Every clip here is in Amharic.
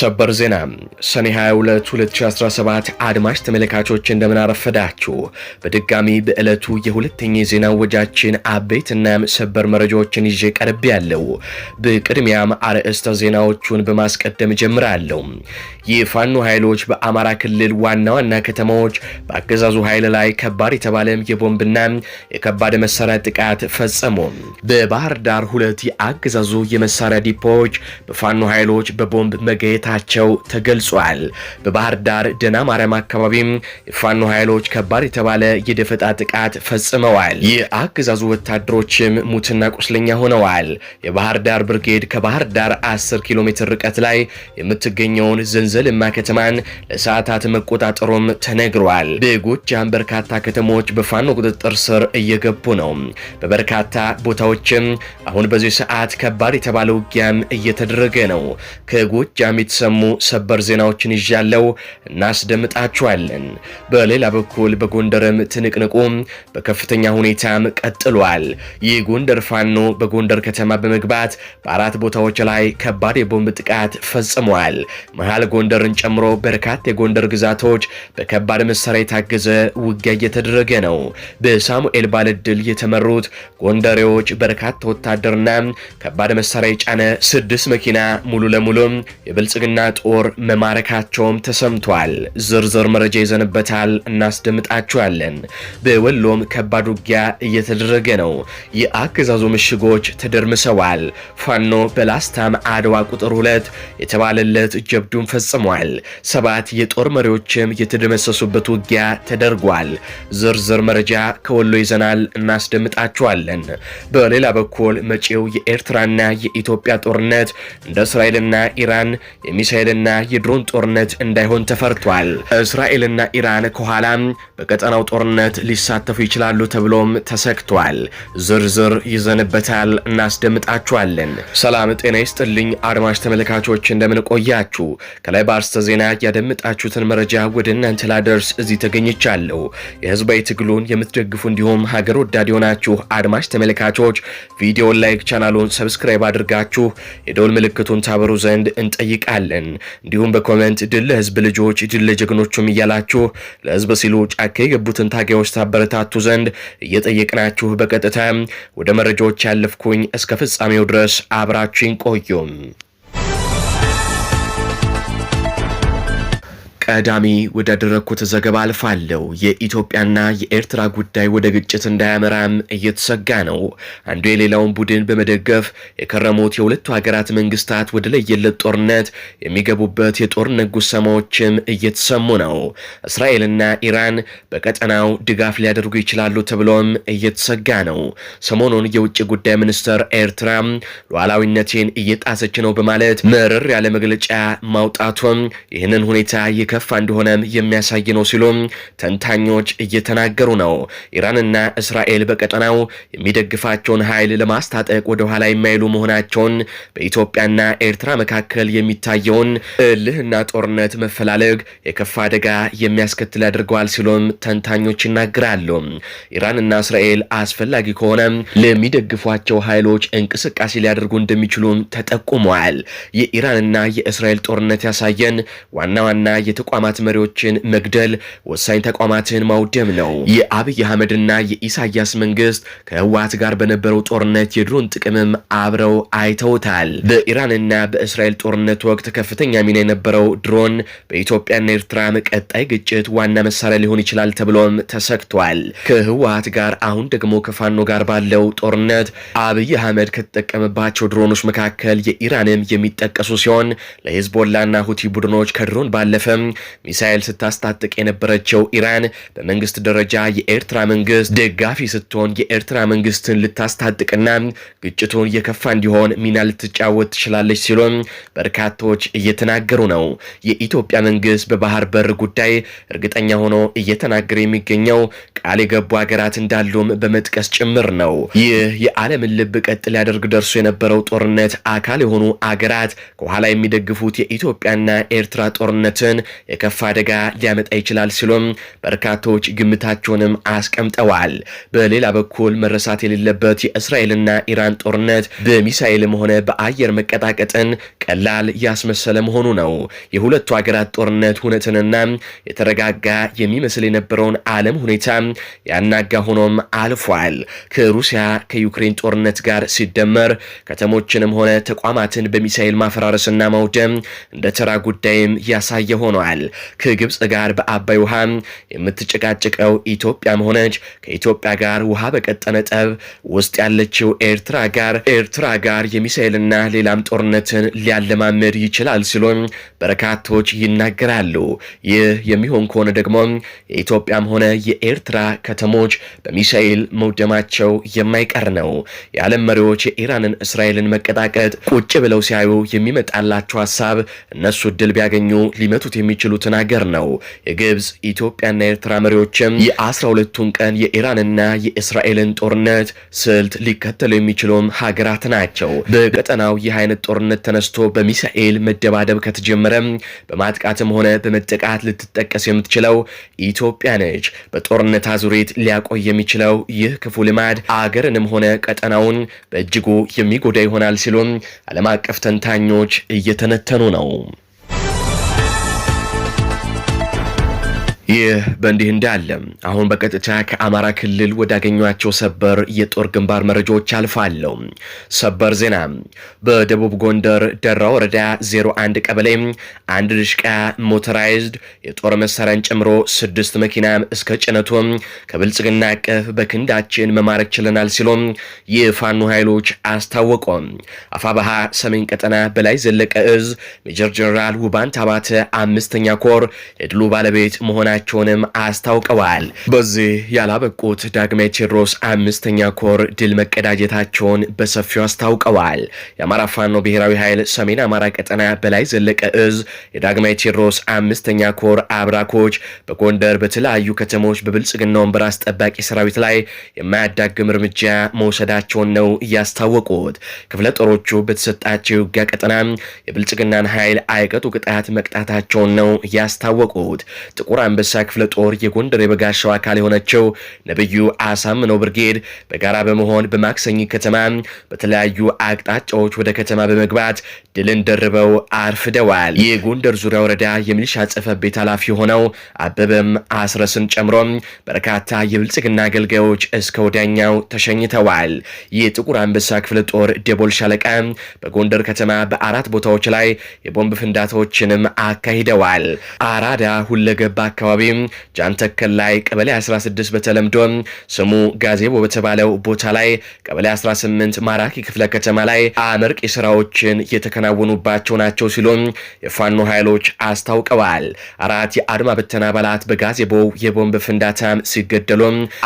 ሰበር ዜና ሰኔ 22 2017 አድማሽ ተመልካቾች እንደምናረፈዳችሁ በድጋሚ በዕለቱ የሁለተኛ ዜና ወጃችን አበይትና ሰበር መረጃዎችን ይዤ ቀርብ ያለው። በቅድሚያም አርዕስተ ዜናዎቹን በማስቀደም ጀምራለሁ። የፋኖ ኃይሎች በአማራ ክልል ዋና ዋና ከተማዎች በአገዛዙ ኃይል ላይ ከባድ የተባለ የቦምብና የከባድ መሳሪያ ጥቃት ፈጸሙ። በባህር ዳር ሁለት የአገዛዙ የመሳሪያ ዲፖዎች በፋኖ ኃይሎች በቦምብ መገየት መውጣታቸው ተገልጿል። በባህር ዳር ደና ማርያም አካባቢም የፋኖ ኃይሎች ከባድ የተባለ የደፈጣ ጥቃት ፈጽመዋል። የአገዛዙ ወታደሮችም ሙትና ቁስለኛ ሆነዋል። የባህር ዳር ብርጌድ ከባህር ዳር 10 ኪሎ ሜትር ርቀት ላይ የምትገኘውን ዘንዘልማ ከተማን ለሰዓታት መቆጣጠሩም ተነግሯል። በጎጃም በርካታ ከተሞች በፋኖ ቁጥጥር ስር እየገቡ ነው። በበርካታ ቦታዎችም አሁን በዚህ ሰዓት ከባድ የተባለ ውጊያም እየተደረገ ነው። ከጎጃም የተሰሙ ሰበር ዜናዎችን ይዣለው እናስደምጣችኋለን። በሌላ በኩል በጎንደርም ትንቅንቁ በከፍተኛ ሁኔታም ቀጥሏል። ይህ ጎንደር ፋኖ በጎንደር ከተማ በመግባት በአራት ቦታዎች ላይ ከባድ የቦምብ ጥቃት ፈጽሟል። መሃል ጎንደርን ጨምሮ በርካታ የጎንደር ግዛቶች በከባድ መሳሪያ የታገዘ ውጊያ እየተደረገ ነው። በሳሙኤል ባለድል የተመሩት ጎንደሬዎች በርካታ ወታደርና ከባድ መሳሪያ የጫነ ስድስት መኪና ሙሉ ለሙሉ የብልጽግና ኃይልና ጦር መማረካቸውም ተሰምቷል። ዝርዝር መረጃ ይዘንበታል፣ እናስደምጣችኋለን። በወሎም ከባድ ውጊያ እየተደረገ ነው። የአገዛዙ ምሽጎች ተደርምሰዋል። ፋኖ በላስታም አድዋ ቁጥር ሁለት የተባለለት ጀብዱን ፈጽሟል። ሰባት የጦር መሪዎችም የተደመሰሱበት ውጊያ ተደርጓል። ዝርዝር መረጃ ከወሎ ይዘናል፣ እናስደምጣችኋለን። በሌላ በኩል መጪው የኤርትራና የኢትዮጵያ ጦርነት እንደ እስራኤልና ኢራን የሚሳኤልና የድሮን ጦርነት እንዳይሆን ተፈርቷል። እስራኤልና ኢራን ከኋላም በቀጠናው ጦርነት ሊሳተፉ ይችላሉ ተብሎም ተሰግቷል። ዝርዝር ይዘንበታል፣ እናስደምጣችኋለን። ሰላም ጤና ይስጥልኝ አድማጭ ተመልካቾች፣ እንደምንቆያችሁ ከላይ በአርስተ ዜና ያደምጣችሁትን መረጃ ወደ እናንተ ላደርስ እዚህ ተገኝቻለሁ። የህዝባዊ ትግሉን የምትደግፉ እንዲሁም ሀገር ወዳድ የሆናችሁ አድማጭ ተመልካቾች ቪዲዮን ላይክ፣ ቻናሉን ሰብስክራይብ አድርጋችሁ የደውል ምልክቱን ታበሩ ዘንድ እንጠይቃለን። እንዲሁም በኮመንት ድል ለህዝብ ልጆች ድል ለጀግኖቹም እያላችሁ ለህዝብ ሲሉ ጫ ጫካ የገቡትን ታጋዮች ታበረታቱ ዘንድ እየጠየቅናችሁ በቀጥታ ወደ መረጃዎች ያለፍኩኝ፣ እስከ ፍጻሜው ድረስ አብራችኝ ቆዩም። ቀዳሚ ወዳደረግኩት ዘገባ አልፋለሁ። የኢትዮጵያና የኤርትራ ጉዳይ ወደ ግጭት እንዳያመራም እየተሰጋ ነው። አንዱ የሌላውን ቡድን በመደገፍ የከረሙት የሁለቱ ሀገራት መንግስታት ወደ ለየለት ጦርነት የሚገቡበት የጦርነት ጉሰማዎችም እየተሰሙ ነው። እስራኤልና ኢራን በቀጠናው ድጋፍ ሊያደርጉ ይችላሉ ተብሎም እየተሰጋ ነው። ሰሞኑን የውጭ ጉዳይ ሚኒስትር ኤርትራ ሉዓላዊነቴን እየጣሰች ነው በማለት መርር ያለ መግለጫ ማውጣቱም ይህንን ሁኔታ የከ እየከፋ እንደሆነም የሚያሳይ ነው ሲሉም ተንታኞች እየተናገሩ ነው። ኢራንና እስራኤል በቀጠናው የሚደግፋቸውን ኃይል ለማስታጠቅ ወደ ኋላ የማይሉ መሆናቸውን በኢትዮጵያና ኤርትራ መካከል የሚታየውን እልህና ጦርነት መፈላለግ የከፋ አደጋ የሚያስከትል ያደርገዋል ሲሉም ተንታኞች ይናገራሉ። ኢራንና እስራኤል አስፈላጊ ከሆነ ለሚደግፏቸው ኃይሎች እንቅስቃሴ ሊያደርጉ እንደሚችሉም ተጠቁመዋል። የኢራንና የእስራኤል ጦርነት ያሳየን ዋና ዋና የተ ተቋማት መሪዎችን መግደል፣ ወሳኝ ተቋማትን ማውደም ነው። የአብይ አህመድና የኢሳያስ መንግስት ከህወሀት ጋር በነበረው ጦርነት የድሮን ጥቅምም አብረው አይተውታል። በኢራንና በእስራኤል ጦርነት ወቅት ከፍተኛ ሚና የነበረው ድሮን በኢትዮጵያና ኤርትራ ቀጣይ ግጭት ዋና መሳሪያ ሊሆን ይችላል ተብሎም ተሰግቷል። ከህወሀት ጋር አሁን ደግሞ ከፋኖ ጋር ባለው ጦርነት አብይ አህመድ ከተጠቀመባቸው ድሮኖች መካከል የኢራንም የሚጠቀሱ ሲሆን ለሂዝቦላና ሁቲ ቡድኖች ከድሮን ባለፈም ሚሳኤል ስታስታጥቅ የነበረችው ኢራን በመንግስት ደረጃ የኤርትራ መንግስት ደጋፊ ስትሆን የኤርትራ መንግስትን ልታስታጥቅና ግጭቱን የከፋ እንዲሆን ሚና ልትጫወት ትችላለች ሲሉም በርካቶች እየተናገሩ ነው። የኢትዮጵያ መንግስት በባህር በር ጉዳይ እርግጠኛ ሆኖ እየተናገረ የሚገኘው ቃል የገቡ ሀገራት እንዳሉም በመጥቀስ ጭምር ነው። ይህ የዓለምን ልብ ቀጥ ሊያደርግ ደርሶ የነበረው ጦርነት አካል የሆኑ አገራት ከኋላ የሚደግፉት የኢትዮጵያና ኤርትራ ጦርነትን የከፍ አደጋ ሊያመጣ ይችላል ሲሉም በርካቶች ግምታቸውንም አስቀምጠዋል። በሌላ በኩል መረሳት የሌለበት የእስራኤልና ኢራን ጦርነት በሚሳኤልም ሆነ በአየር መቀጣቀጥን ቀላል ያስመሰለ መሆኑ ነው። የሁለቱ ሀገራት ጦርነት እውነትንና የተረጋጋ የሚመስል የነበረውን ዓለም ሁኔታ ያናጋ ሆኖም አልፏል። ከሩሲያ ከዩክሬን ጦርነት ጋር ሲደመር ከተሞችንም ሆነ ተቋማትን በሚሳኤል ማፈራረስና ማውደም እንደ ተራ ጉዳይም ያሳየ ሆኗል። ተናግረዋል። ከግብፅ ጋር በአባይ ውሃ የምትጨቃጭቀው ኢትዮጵያ መሆነች ከኢትዮጵያ ጋር ውሃ በቀጠነ ጠብ ውስጥ ያለችው ኤርትራ ጋር ኤርትራ ጋር የሚሳኤልና ሌላም ጦርነትን ሊያለማምድ ይችላል ሲሉም በርካቶች ይናገራሉ። ይህ የሚሆን ከሆነ ደግሞ የኢትዮጵያም ሆነ የኤርትራ ከተሞች በሚሳኤል መውደማቸው የማይቀር ነው። የዓለም መሪዎች የኢራንን እስራኤልን መቀጣቀጥ ቁጭ ብለው ሲያዩ የሚመጣላቸው ሀሳብ እነሱ ድል ቢያገኙ ሊመቱት የሚችሉ የሚችሉትን ሀገር ነው። የግብፅ ኢትዮጵያና ኤርትራ መሪዎችም የአስራ ሁለቱን ቀን የኢራንና የእስራኤልን ጦርነት ስልት ሊከተሉ የሚችሉም ሀገራት ናቸው። በቀጠናው ይህ አይነት ጦርነት ተነስቶ በሚሳኤል መደባደብ ከተጀመረም በማጥቃትም ሆነ በመጠቃት ልትጠቀስ የምትችለው ኢትዮጵያ ነች። በጦርነት አዙሪት ሊያቆይ የሚችለው ይህ ክፉ ልማድ አገርንም ሆነ ቀጠናውን በእጅጉ የሚጎዳ ይሆናል ሲሉም ዓለም አቀፍ ተንታኞች እየተነተኑ ነው። ይህ በእንዲህ እንዳለ አሁን በቀጥታ ከአማራ ክልል ወዳገኟቸው ሰበር የጦር ግንባር መረጃዎች አልፋለሁ። ሰበር ዜና በደቡብ ጎንደር ደራ ወረዳ 01 ቀበሌ አንድ ድሽቃ ሞተራይዝድ የጦር መሳሪያን ጨምሮ ስድስት መኪና እስከ ጭነቱ ከብልጽግና ቅፍ በክንዳችን መማረክ ችለናል ሲሉም የፋኖ ኃይሎች አስታወቁ። አፋባሃ ሰሜን ቀጠና በላይ ዘለቀ እዝ ሜጀር ጀነራል ውባንት አባተ አምስተኛ ኮር የድሉ ባለቤት መሆናቸው መሆናቸውንም አስታውቀዋል። በዚህ ያላበቁት ዳግማዊ ቴዎድሮስ አምስተኛ ኮር ድል መቀዳጀታቸውን በሰፊው አስታውቀዋል። የአማራ ፋኖ ብሔራዊ ኃይል ሰሜን አማራ ቀጠና በላይ ዘለቀ እዝ የዳግማዊ ቴዎድሮስ አምስተኛ ኮር አብራኮች በጎንደር በተለያዩ ከተሞች በብልጽግና ወንበር አስጠባቂ ሰራዊት ላይ የማያዳግም እርምጃ መውሰዳቸውን ነው እያስታወቁት። ክፍለ ጦሮቹ በተሰጣቸው የውጊያ ቀጠና የብልጽግናን ኃይል አይቀጡ ቅጣት መቅጣታቸውን ነው እያስታወቁት። ጥቁር አንበሳ ሳ ክፍለ ጦር የጎንደር የበጋሻው አካል የሆነችው ነብዩ አሳምነው ብርጌድ በጋራ በመሆን በማክሰኝ ከተማ በተለያዩ አቅጣጫዎች ወደ ከተማ በመግባት ድልን ደርበው አርፍደዋል። የጎንደር ዙሪያ ወረዳ የሚሊሻ ጽፈ ቤት ኃላፊ የሆነው አበበም አስረስን ጨምሮ በርካታ የብልጽግና አገልጋዮች እስከ ወዲያኛው ተሸኝተዋል። የጥቁር አንበሳ ክፍለ ጦር ደቦል ሻለቃ በጎንደር ከተማ በአራት ቦታዎች ላይ የቦምብ ፍንዳታዎችንም አካሂደዋል። አራዳ ሁለገባ አካባቢ አካባቢ ጃንተከል ላይ ቀበሌ 16 በተለምዶ ስሙ ጋዜቦ በተባለው ቦታ ላይ ቀበሌ 18 ማራኪ ክፍለ ከተማ ላይ አመርቂ ስራዎችን የተከናወኑባቸው ናቸው ሲሉ የፋኖ ኃይሎች አስታውቀዋል። አራት የአድማ በተና አባላት በጋዜቦው የቦምብ ፍንዳታም ሲገደሉ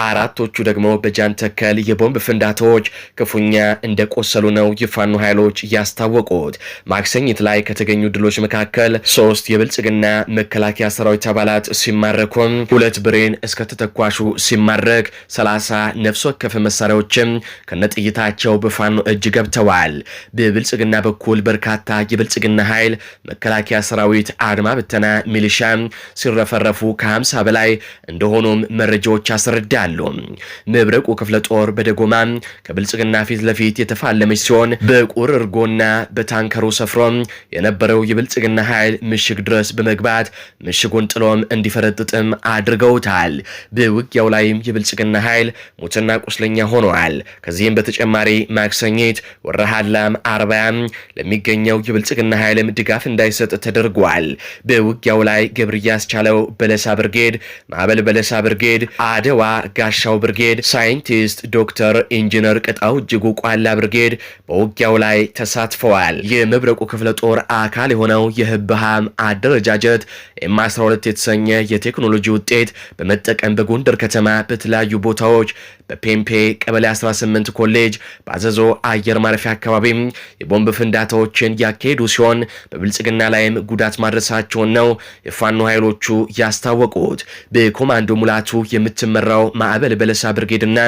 አራቶቹ ደግሞ በጃንተከል የቦምብ ፍንዳታዎች ክፉኛ እንደቆሰሉ ነው የፋኖ ኃይሎች ያስታወቁት። ማክሰኝት ላይ ከተገኙ ድሎች መካከል ሶስት የብልጽግና መከላከያ ሰራዊት አባላት ሲማ ሲማረኩም ሁለት ብሬን እስከ ተተኳሹ ሲማረክ 30 ነፍስ ወከፍ መሳሪያዎችም ከነጥይታቸው በፋኖ እጅ ገብተዋል። በብልጽግና በኩል በርካታ የብልጽግና ኃይል መከላከያ ሰራዊት፣ አድማ ብተና፣ ሚሊሻ ሲረፈረፉ ከ50 በላይ እንደሆኑም መረጃዎች ያስረዳሉ። መብረቁ ክፍለ ጦር በደጎማ ከብልጽግና ፊት ለፊት የተፋለመች ሲሆን በቁር እርጎና በታንከሩ ሰፍሮ የነበረው የብልጽግና ኃይል ምሽግ ድረስ በመግባት ምሽጉን ጥሎም እንዲፈ እንዲያፈረጥጥም አድርገውታል። በውጊያው ላይም የብልጽግና ኃይል ሙትና ቁስለኛ ሆኗል። ከዚህም በተጨማሪ ማክሰኝት ወረሃላም አርባያም ለሚገኘው የብልጽግና ኃይልም ድጋፍ እንዳይሰጥ ተደርጓል። በውጊያው ላይ ገብር ያስቻለው በለሳ ብርጌድ፣ ማዕበል በለሳ ብርጌድ፣ አደዋ ጋሻው ብርጌድ፣ ሳይንቲስት ዶክተር ኢንጂነር ቅጣው እጅጉ ቋላ ብርጌድ በውጊያው ላይ ተሳትፈዋል። የመብረቁ ክፍለ ጦር አካል የሆነው የህብሃም አደረጃጀት ኤም 12 የተሰኘ የቴክኖሎጂ ውጤት በመጠቀም በጎንደር ከተማ በተለያዩ ቦታዎች በፔምፔ ቀበሌ 18 ኮሌጅ፣ በአዘዞ አየር ማረፊያ አካባቢም የቦምብ ፍንዳታዎችን ያካሄዱ ሲሆን በብልጽግና ላይም ጉዳት ማድረሳቸውን ነው የፋኖ ኃይሎቹ ያስታወቁት። በኮማንዶ ሙላቱ የምትመራው ማዕበል በለሳ ብርጌድና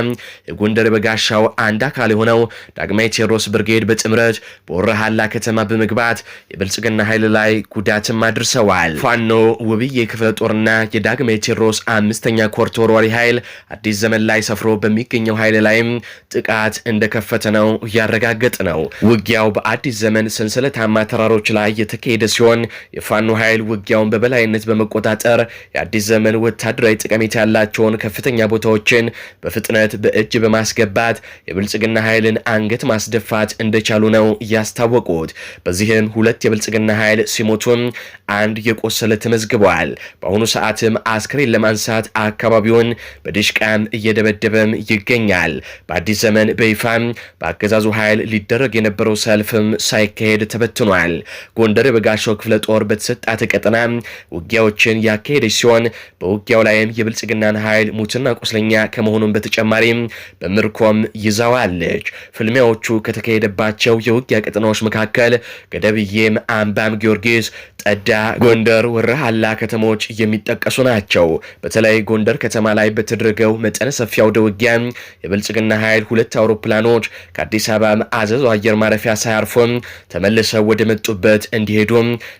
የጎንደር በጋሻው አንድ አካል የሆነው ዳግማዊ ቴዎድሮስ ብርጌድ በጥምረት በወረሃላ ከተማ በመግባት የብልጽግና ኃይል ላይ ጉዳትም አድርሰዋል። ፋኖ ውብዬ ክፍለ ጦርና የዳግማዊ ቴዎድሮስ አምስተኛ ኮር ተወርዋሪ ኃይል አዲስ ዘመን ላይ ሰፍሮ በሚገኘው ኃይል ላይም ጥቃት እንደከፈተ ነው እያረጋገጠ ነው። ውጊያው በአዲስ ዘመን ሰንሰለታማ ተራሮች ላይ የተካሄደ ሲሆን የፋኖ ኃይል ውጊያውን በበላይነት በመቆጣጠር የአዲስ ዘመን ወታደራዊ ጠቀሜታ ያላቸውን ከፍተኛ ቦታዎችን በፍጥነት በእጅ በማስገባት የብልጽግና ኃይልን አንገት ማስደፋት እንደቻሉ ነው እያስታወቁት በዚህም ሁለት የብልጽግና ኃይል ሲሞቱም አንድ የቆሰለ ተመዝግበዋል። በአሁኑ ሰዓት ስርዓትም አስክሬን ለማንሳት አካባቢውን በድሽቃም እየደበደበም ይገኛል። በአዲስ ዘመን በይፋም በአገዛዙ ኃይል ሊደረግ የነበረው ሰልፍም ሳይካሄድ ተበትኗል። ጎንደር የበጋሻው ክፍለ ጦር በተሰጣት ቀጠና ውጊያዎችን ያካሄደች ሲሆን በውጊያው ላይም የብልጽግናን ኃይል ሙትና ቁስለኛ ከመሆኑን በተጨማሪም በምርኮም ይዛዋለች። ፍልሚያዎቹ ከተካሄደባቸው የውጊያ ቀጠናዎች መካከል ገደብዬም፣ አምባም ጊዮርጊስ፣ ጠዳ፣ ጎንደር፣ ወረሃላ ከተሞች የሚጠ የተጠቀሱ ናቸው። በተለይ ጎንደር ከተማ ላይ በተደረገው መጠነ ሰፊ አውደ ውጊያ የብልጽግና ኃይል ሁለት አውሮፕላኖች ከአዲስ አበባ አዘዞ አየር ማረፊያ ሳያርፎም ተመልሰው ወደ መጡበት እንዲሄዱ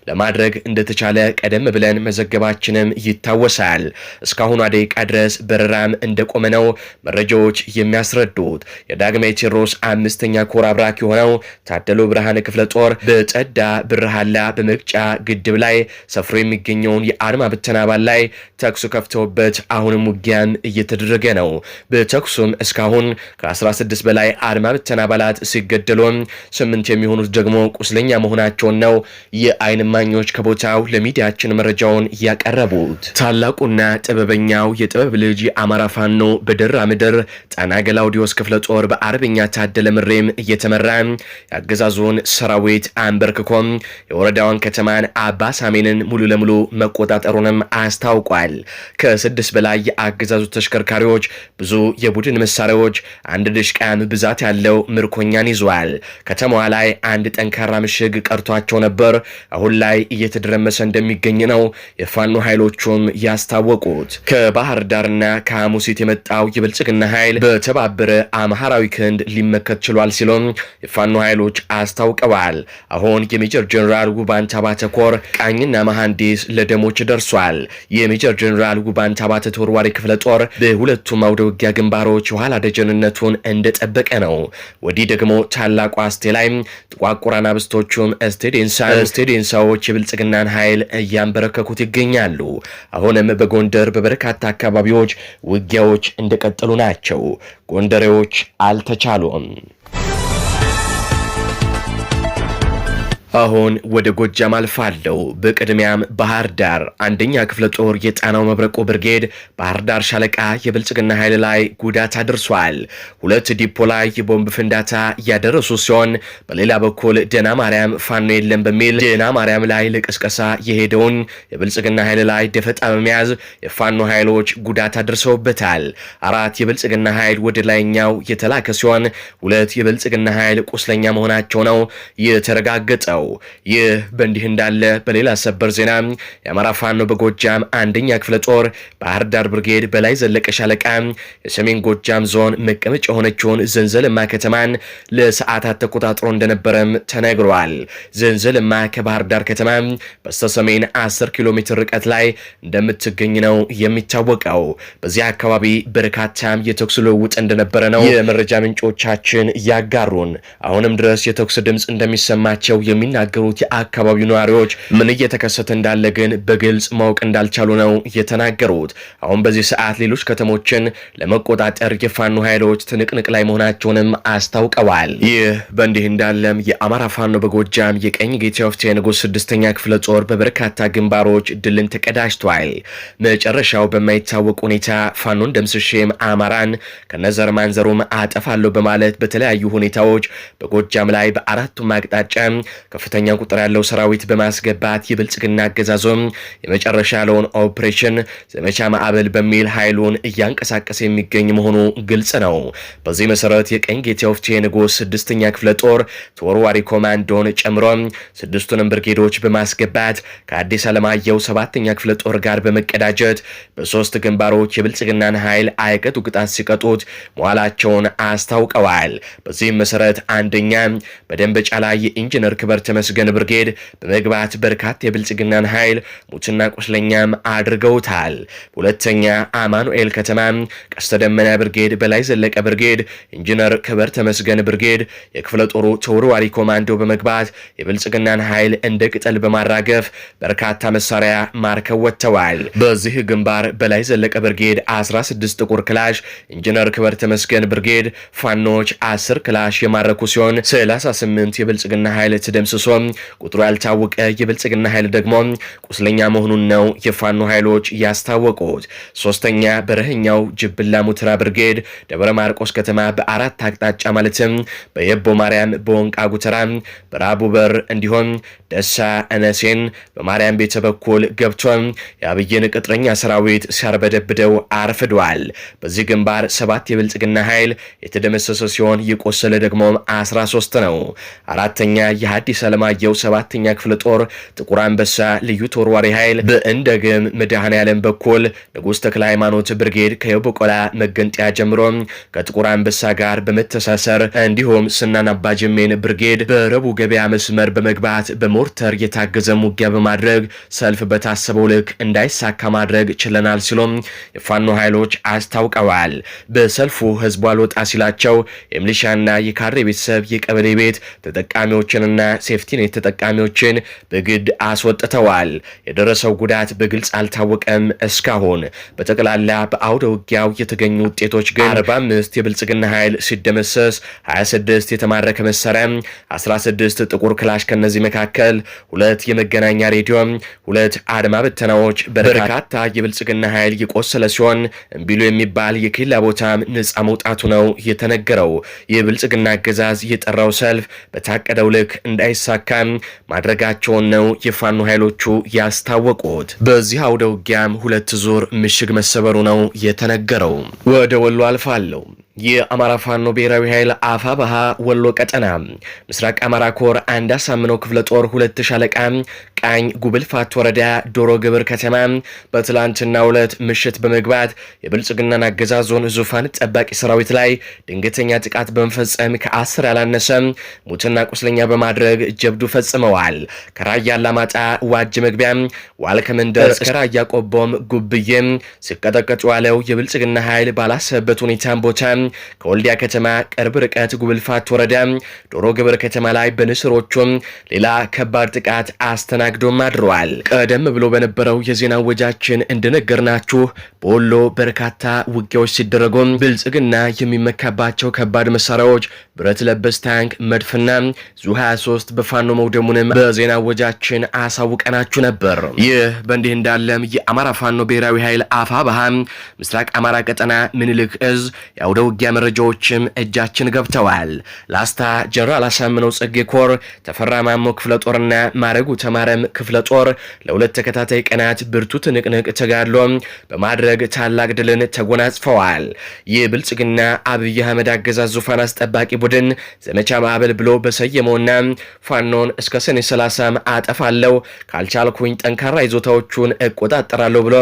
ለማድረግ እንደተቻለ ቀደም ብለን መዘገባችንም ይታወሳል። እስካሁኗ ደቂቃ ድረስ በረራም እንደቆመ ነው መረጃዎች የሚያስረዱት። የዳግማዊ ቴዎድሮስ አምስተኛ ኮር አብራክ የሆነው ታደሎ ብርሃነ ክፍለ ጦር በጸዳ ብርሃላ በመቅጫ ግድብ ላይ ሰፍሮ የሚገኘውን የአድማ ብተና አባል ላይ ተኩስ ከፍተውበት አሁንም ውጊያን እየተደረገ ነው። በተኩሱም እስካሁን ከ16 በላይ አድማ ብተን አባላት ሲገደሉ ስምንት የሚሆኑት ደግሞ ቁስለኛ መሆናቸውን ነው የአይን ማኞች ከቦታው ለሚዲያችን መረጃውን ያቀረቡት። ታላቁና ጥበበኛው የጥበብ ልጅ አማራ ፋኖ በደራ ምድር ጣና ገላውዲዮስ ክፍለ ጦር በአርበኛ ታደለ ምሬም እየተመራ የአገዛዙን ሰራዊት አንበርክኮም የወረዳዋን ከተማን አባ ሳሜንን ሙሉ ለሙሉ መቆጣጠሩንም አስ አስታውቋል። ከስድስት በላይ የአገዛዙ ተሽከርካሪዎች፣ ብዙ የቡድን መሳሪያዎች፣ አንድ ድሽቃም ብዛት ያለው ምርኮኛን ይዟል። ከተማዋ ላይ አንድ ጠንካራ ምሽግ ቀርቷቸው ነበር። አሁን ላይ እየተደረመሰ እንደሚገኝ ነው የፋኖ ኃይሎቹም ያስታወቁት። ከባህር ዳርና ከሐሙሲት የመጣው የብልጽግና ኃይል በተባበረ አምሃራዊ ክንድ ሊመከት ችሏል ሲሉም የፋኖ ኃይሎች አስታውቀዋል። አሁን የሜጀር ጀኔራል ውባንታ ባተኮር ቃኝና መሐንዲስ ለደሞች ደርሷል። የሜጀር ጀኔራል ጉባንታ ባተ ተወርዋሪ ክፍለ ጦር በሁለቱም አውደ ውጊያ ግንባሮች የኋላ ደጀንነቱን እንደጠበቀ ነው። ወዲህ ደግሞ ታላቁ አስቴ ላይ ጥቋቁር አናብስቶቹም ስቴዴንሳዎች የብልጽግናን ኃይል እያንበረከኩት ይገኛሉ። አሁንም በጎንደር በበርካታ አካባቢዎች ውጊያዎች እንደቀጠሉ ናቸው። ጎንደሬዎች አልተቻሉም። አሁን ወደ ጎጃም አልፋለሁ። በቅድሚያም ባህር ዳር አንደኛ ክፍለ ጦር የጣናው መብረቆ ብርጌድ ባህር ዳር ሻለቃ የብልጽግና ኃይል ላይ ጉዳት አድርሷል። ሁለት ዲፖ ላይ የቦምብ ፍንዳታ እያደረሱ ሲሆን፣ በሌላ በኩል ደና ማርያም ፋኖ የለም በሚል ደና ማርያም ላይ ለቀስቀሳ የሄደውን የብልጽግና ኃይል ላይ ደፈጣ በመያዝ የፋኖ ኃይሎች ጉዳት አድርሰውበታል። አራት የብልጽግና ኃይል ወደ ላይኛው የተላከ ሲሆን፣ ሁለት የብልጽግና ኃይል ቁስለኛ መሆናቸው ነው የተረጋገጠው። ነው። ይህ በእንዲህ እንዳለ በሌላ ሰበር ዜና የአማራ ፋኖ በጎጃም አንደኛ ክፍለ ጦር ባህር ዳር ብርጌድ በላይ ዘለቀ ሻለቃ የሰሜን ጎጃም ዞን መቀመጫ የሆነችውን ዘንዘልማ ከተማን ለሰዓታት ተቆጣጥሮ እንደነበረም ተነግሯል። ዘንዘልማ ከባህር ዳር ከተማ በስተሰሜን 10 ኪሎ ሜትር ርቀት ላይ እንደምትገኝ ነው የሚታወቀው። በዚያ አካባቢ በርካታ የተኩስ ልውውጥ እንደነበረ ነው የመረጃ ምንጮቻችን ያጋሩን። አሁንም ድረስ የተኩስ ድምፅ እንደሚሰማቸው የሚና የሚናገሩት የአካባቢው ነዋሪዎች ምን እየተከሰተ እንዳለ ግን በግልጽ ማወቅ እንዳልቻሉ ነው የተናገሩት። አሁን በዚህ ሰዓት ሌሎች ከተሞችን ለመቆጣጠር የፋኖ ኃይሎች ትንቅንቅ ላይ መሆናቸውንም አስታውቀዋል። ይህ በእንዲህ እንዳለም የአማራ ፋኖ በጎጃም የቀኝ ጌታ ወፍቴ ንጉስ ስድስተኛ ክፍለ ጦር በበርካታ ግንባሮች ድልን ተቀዳጅቷል። መጨረሻው በማይታወቅ ሁኔታ ፋኖን ደምስሼም አማራን ከነዘር ማንዘሩም አጠፋለሁ በማለት በተለያዩ ሁኔታዎች በጎጃም ላይ በአራቱም አቅጣጫ ከፍተኛ ቁጥር ያለው ሰራዊት በማስገባት የብልጽግና አገዛዞም የመጨረሻ ያለውን ኦፕሬሽን ዘመቻ ማዕበል በሚል ኃይሉን እያንቀሳቀሰ የሚገኝ መሆኑ ግልጽ ነው። በዚህ መሰረት የቀኝ ጌታ ወፍቴ ስድስተኛ ክፍለ ጦር ተወርዋሪ ኮማንዶን ጨምሮ ስድስቱንም ብርጌዶች በማስገባት ከአዲስ አለማየሁ ሰባተኛ ክፍለ ጦር ጋር በመቀዳጀት በሶስት ግንባሮች የብልጽግናን ኃይል አይቀጡ ቅጣት ሲቀጡት መዋላቸውን አስታውቀዋል። በዚህም መሰረት አንደኛ በደንበጫ ላይ የኢንጂነር ክበር ተመስገን ብርጌድ በመግባት በርካታ የብልጽግናን ኃይል ሙትና ቁስለኛም አድርገውታል። ሁለተኛ አማኑኤል ከተማ ቀስተ ደመና ብርጌድ፣ በላይ ዘለቀ ብርጌድ፣ ኢንጂነር ክበር ተመስገን ብርጌድ የክፍለ ጦሩ ተወርዋሪ ኮማንዶ በመግባት የብልጽግናን ኃይል እንደ ቅጠል በማራገፍ በርካታ መሳሪያ ማርከው ወጥተዋል። በዚህ ግንባር በላይ ዘለቀ ብርጌድ 16 ጥቁር ክላሽ፣ ኢንጂነር ክበር ተመስገን ብርጌድ ፋኖች 10 ክላሽ የማረኩ ሲሆን 38 የብልጽግና ኃይል ትደምስ ተደምስሶ ቁጥሩ ያልታወቀ የብልጽግና ኃይል ደግሞ ቁስለኛ መሆኑን ነው የፋኖ ኃይሎች ያስታወቁት። ሶስተኛ በረህኛው ጅብላ ሙትራ ብርጌድ ደብረ ማርቆስ ከተማ በአራት አቅጣጫ ማለትም በየቦ ማርያም፣ በወንቃ ጉተራ፣ በራቡ በር እንዲሁም ደሳ እነሴን በማርያም ቤተ በኩል ገብቶ የአብይን ቅጥረኛ ሰራዊት ሲያርበደብደው አርፍዷል። በዚህ ግንባር ሰባት የብልጽግና ኃይል የተደመሰሰ ሲሆን የቆሰለ ደግሞ 13 ነው። አራተኛ የሀዲስ አለማየሁ ሰባተኛ ክፍለ ጦር ጥቁር አንበሳ ልዩ ተወርዋሪ ኃይል በእንደግም መድኃኔ ዓለም በኩል ንጉሥ ተክለ ሃይማኖት ብርጌድ ከየበቆላ መገንጠያ ጀምሮ ከጥቁር አንበሳ ጋር በመተሳሰር እንዲሁም ስናን አባጀሜን ብርጌድ በረቡ ገበያ መስመር በመግባት በሞርተር የታገዘ ውጊያ በማድረግ ሰልፍ በታሰበው ልክ እንዳይሳካ ማድረግ ችለናል ሲሎም የፋኖ ኃይሎች አስታውቀዋል። በሰልፉ ህዝቡ አልወጣ ሲላቸው የሚሊሻና የካሬ ቤተሰብ የቀበሌ ቤት ተጠቃሚዎችንና ሴ የሴፍቲኔት ተጠቃሚዎችን በግድ አስወጥተዋል። የደረሰው ጉዳት በግልጽ አልታወቀም። እስካሁን በጠቅላላ በአውደ ውጊያው የተገኙ ውጤቶች ግን 45 የብልጽግና ኃይል ሲደመሰስ 26 የተማረከ መሳሪያ፣ 16 ጥቁር ክላሽ ከነዚህ መካከል ሁለት የመገናኛ ሬዲዮ፣ ሁለት አድማ በተናዎች፣ በርካታ የብልጽግና ኃይል የቆሰለ ሲሆን እምቢሉ የሚባል የኬላ ቦታም ነፃ መውጣቱ ነው የተነገረው። የብልጽግና አገዛዝ የጠራው ሰልፍ በታቀደው ልክ እንዳይሰ እንዲሳካም ማድረጋቸውን ነው የፋኖ ኃይሎቹ ያስታወቁት። በዚህ አውደ ውጊያም ሁለት ዙር ምሽግ መሰበሩ ነው የተነገረው። ወደ ወሎ አልፋለሁ። የአማራ ፋኖ ብሔራዊ ኃይል አፋ ባሃ ወሎ ቀጠና ምስራቅ አማራ ኮር አንድ አሳምነው ክፍለ ጦር ሁለት ሻለቃ ቃኝ ጉብል ፋት ወረዳ ዶሮ ግብር ከተማ በትላንትና ሁለት ምሽት በመግባት የብልጽግናን አገዛዞን ዙፋን ጠባቂ ሰራዊት ላይ ድንገተኛ ጥቃት በመፈጸም ከአስር ያላነሰ ሙትና ቁስለኛ በማድረግ ጀብዱ ፈጽመዋል። ከራያ አላማጣ ዋጅ መግቢያ ዋልከመንደር ከመንደር እስከ ራያ ቆቦም ጉብዬ ሲቀጠቀጡ ያለው የብልጽግና ኃይል ባላሰበት ሁኔታን ቦታ ከወልዲያ ከተማ ቅርብ ርቀት ጉብልፋት ወረዳ ዶሮ ግብር ከተማ ላይ በንስሮቹም ሌላ ከባድ ጥቃት አስተናግዶም አድረዋል። ቀደም ብሎ በነበረው የዜና ወጃችን እንደነገርናችሁ በወሎ በርካታ ውጊያዎች ሲደረጉ ብልጽግና የሚመካባቸው ከባድ መሳሪያዎች ብረት ለበስ ታንክ፣ መድፍና ዙ 23 በፋኖ መውደሙንም በዜና ወጃችን አሳውቀናችሁ ነበር። ይህ በእንዲህ እንዳለም የአማራ ፋኖ ብሔራዊ ኃይል አፋ ባሃ ምስራቅ አማራ ቀጠና ምኒልክ እዝ የአውደ የውጊያ መረጃዎችም እጃችን ገብተዋል። ላስታ ጀነራል አሳምነው ጽጌ ኮር ተፈራ ማሞ ክፍለ ጦርና ማረጉ ተማረም ክፍለ ጦር ለሁለት ተከታታይ ቀናት ብርቱ ትንቅንቅ ተጋድሎ በማድረግ ታላቅ ድልን ተጎናጽፈዋል። ይህ ብልጽግና አብይ አህመድ አገዛዝ ዙፋን አስጠባቂ ቡድን ዘመቻ ማዕበል ብሎ በሰየመውና ፋኖን እስከ ሰኔ 30 አጠፋለው ካልቻልኩኝ ጠንካራ ይዞታዎቹን እቆጣጠራለሁ ብሎ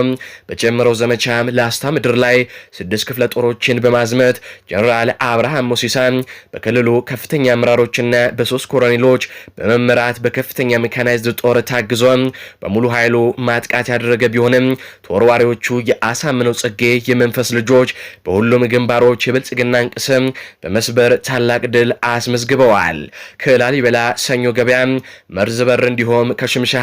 በጀመረው ዘመቻም ላስታ ምድር ላይ ስድስት ክፍለ ጦሮችን በማዝመት ጀነራል አብርሃም ሙሲሳን በክልሉ ከፍተኛ አመራሮችና በሶስት ኮሎኔሎች በመመራት በከፍተኛ ሜካናይዝድ ጦር ታግዞ በሙሉ ኃይሉ ማጥቃት ያደረገ ቢሆንም ተወርዋሪዎቹ የአሳምነው ጽጌ የመንፈስ ልጆች በሁሉም ግንባሮች የብልጽግናን ቅስም በመስበር ታላቅ ድል አስመዝግበዋል። ከላሊበላ ሰኞ ገበያ፣ መርዝ በር እንዲሁም ከሽምሻሃ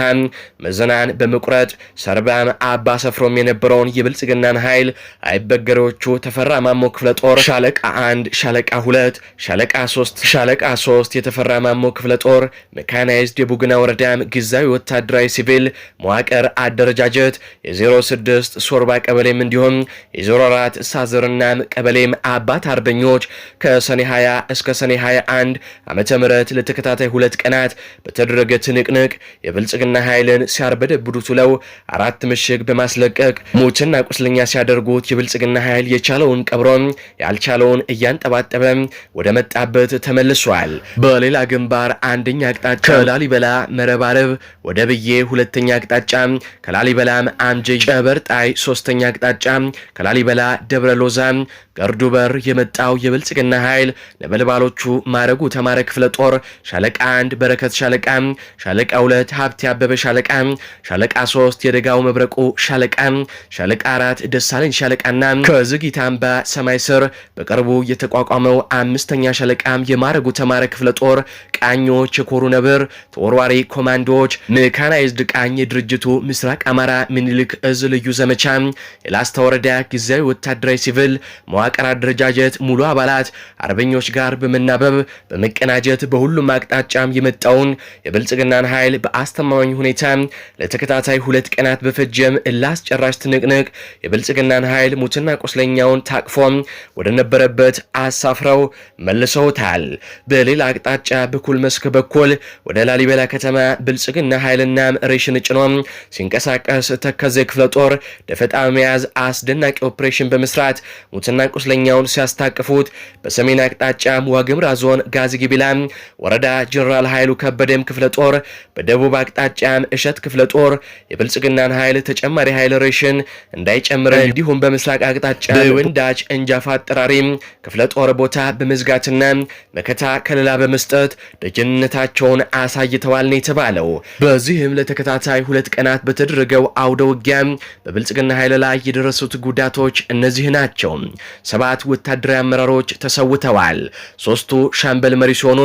መዘናን በመቁረጥ ሰርባን አባ ሰፍሮም የነበረውን የብልጽግናን ኃይል አይበገሬዎቹ ተፈራ ማሞ ክፍለ ጦር ሻለቃ አንድ ሻለቃ ሁለት ሻለቃ ሶስት ሻለቃ ሶስት የተፈራ ማሞ ክፍለ ጦር ሜካናይዝድ የቡግና ወረዳም ጊዜያዊ ወታደራዊ ሲቪል መዋቅር አደረጃጀት የ06 ሶርባ ቀበሌም እንዲሁም የ04 ሳዝርናም ቀበሌም አባት አርበኞች ከሰኔ 20 እስከ ሰኔ 21 ዓመተ ምህረት ለተከታታይ ሁለት ቀናት በተደረገ ትንቅንቅ የብልጽግና ኃይልን ሲያርበደብዱ ውለው አራት ምሽግ በማስለቀቅ ሙትና ቁስለኛ ሲያደርጉት የብልጽግና ኃይል የቻለውን ያል ያልቻለውን እያንጠባጠበ ወደ መጣበት ተመልሷል። በሌላ ግንባር አንደኛ አቅጣጫ ከላሊበላ መረባረብ ወደ ብዬ ሁለተኛ አቅጣጫ ከላሊበላ አምጄ ጨበርጣይ ሶስተኛ አቅጣጫ ከላሊበላ ደብረ ሎዛ በር የመጣው የብልጽግና ኃይል ነበልባሎቹ ማረጉ ተማረ ክፍለ ጦር ሻለቃ አንድ በረከት ሻለቃ፣ ሻለቃ ሁለት ሀብቴ አበበ ሻለቃ፣ ሻለቃ ሶስት የደጋው መብረቁ ሻለቃ፣ ሻለቃ አራት ደሳለኝ ሻለቃና ከዝጊታምባ ሰማይ ስር በቅርቡ የተቋቋመው አምስተኛ ሻለቃ የማረጉ ተማረ ክፍለ ጦር ቃኞች፣ የኮሩ ነብር ተወርዋሪ ኮማንዶዎች፣ ሜካናይዝድ ቃኝ የድርጅቱ ምስራቅ አማራ ምኒልክ እዝ ልዩ ዘመቻ የላስታ ወረዳ ጊዜያዊ ወታደራዊ ሲቪል መዋቅር አደረጃጀት ሙሉ አባላት አርበኞች ጋር በመናበብ በመቀናጀት በሁሉም አቅጣጫም የመጣውን የብልጽግናን ኃይል በአስተማማኝ ሁኔታ ለተከታታይ ሁለት ቀናት በፈጀም ላስጨራሽ ትንቅንቅ የብልጽግናን ኃይል ሙትና ቁስለኛውን ታቅፎም ወደነበረበት አሳፍረው መልሰውታል። በሌላ አቅጣጫ በኩል መስክ በኩል ወደ ላሊበላ ከተማ ብልጽግና ኃይልና ሬሽን ጭኖ ሲንቀሳቀስ ተከዘ ክፍለ ጦር ደፈጣ መያዝ አስደናቂ ኦፕሬሽን በመስራት ሙትና ቁስለኛውን ሲያስታቅፉት በሰሜን አቅጣጫ ዋግምራ ዞን ጋዝጊቢላ ወረዳ ጀነራል ኃይሉ ከበደም ክፍለ ጦር፣ በደቡብ አቅጣጫም እሸት ክፍለ ጦር የብልጽግናን ኃይል ተጨማሪ ኃይል ሬሽን እንዳይጨምረ እንዲሁም በምስራቅ አቅጣጫ በወንዳች እንጃፋ አጠራሪ ክፍለ ጦር ቦታ በመዝጋትና መከታ ከለላ በመስጠት ደጀንነታቸውን አሳይተዋል ነው የተባለው። በዚህም ለተከታታይ ሁለት ቀናት በተደረገው አውደ ውጊያ በብልጽግና ኃይል ላይ የደረሱት ጉዳቶች እነዚህ ናቸው። ሰባት ወታደራዊ አመራሮች ተሰውተዋል። ሶስቱ ሻምበል መሪ ሲሆኑ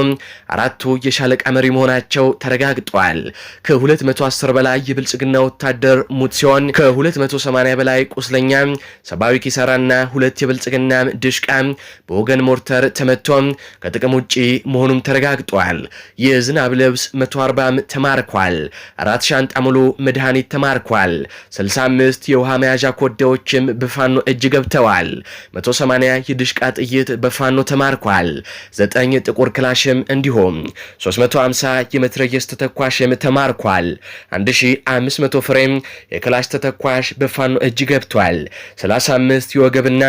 አራቱ የሻለቃ መሪ መሆናቸው ተረጋግጧል። ከ210 በላይ የብልጽግና ወታደር ሙት ሲሆን ከ280 በላይ ቁስለኛ፣ ሰብአዊ ኪሳራና ሁለት የብልጽግና ድሽቃ በወገን ሞርተር ተመቶ ከጥቅም ውጪ መሆኑም ተረጋግጧል። የዝናብ ልብስ 140 ተማርኳል። አራት ሻንጣ ሙሉ መድኃኒት ተማርኳል። 65 የውሃ መያዣ ኮዳዎችም በፋኖ እጅ ገብተዋል። 180 የድሽቃ ጥይት በፋኖ ተማርኳል። 9 ጥቁር ክላሽም እንዲሁም 350 የመትረየስ ተተኳሽም ተማርኳል። 1500 ፍሬም የክላሽ ተተኳሽ በፋኖ እጅ ገብቷል። 35 የወገብና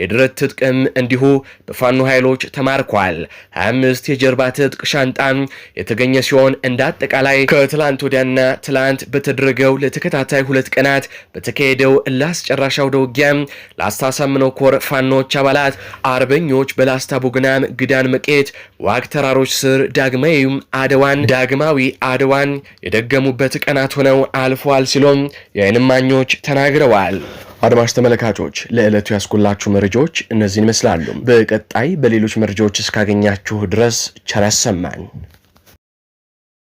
የድረት ትጥቅም እንዲሁ በፋኖ ኃይሎች ተማርኳል። 25 የጀርባ ትጥቅ ሻንጣ የተገኘ ሲሆን እንደ አጠቃላይ ከትላንት ወዲያና ትላንት በተደረገው ለተከታታይ ሁለት ቀናት በተካሄደው ላስጨራሻው ደውጊያ ላስታሳምነው ኮር ፋኖዎች አባላት አርበኞች በላስታ ቡግናም፣ ግዳን መቄት፣ ዋግ ተራሮች ስር ዳግማዊ አድዋን ዳግማዊ አድዋን የደገሙበት ቀናት ሆነው አልፏል ሲሎም የዓይን እማኞች ተናግረዋል። አድማሽ ተመልካቾች ለዕለቱ ያስኩላችሁ መረጃዎች እነዚህን ይመስላሉ። በቀጣይ በሌሎች መረጃዎች እስካገኛችሁ ድረስ ቸር ያሰማን።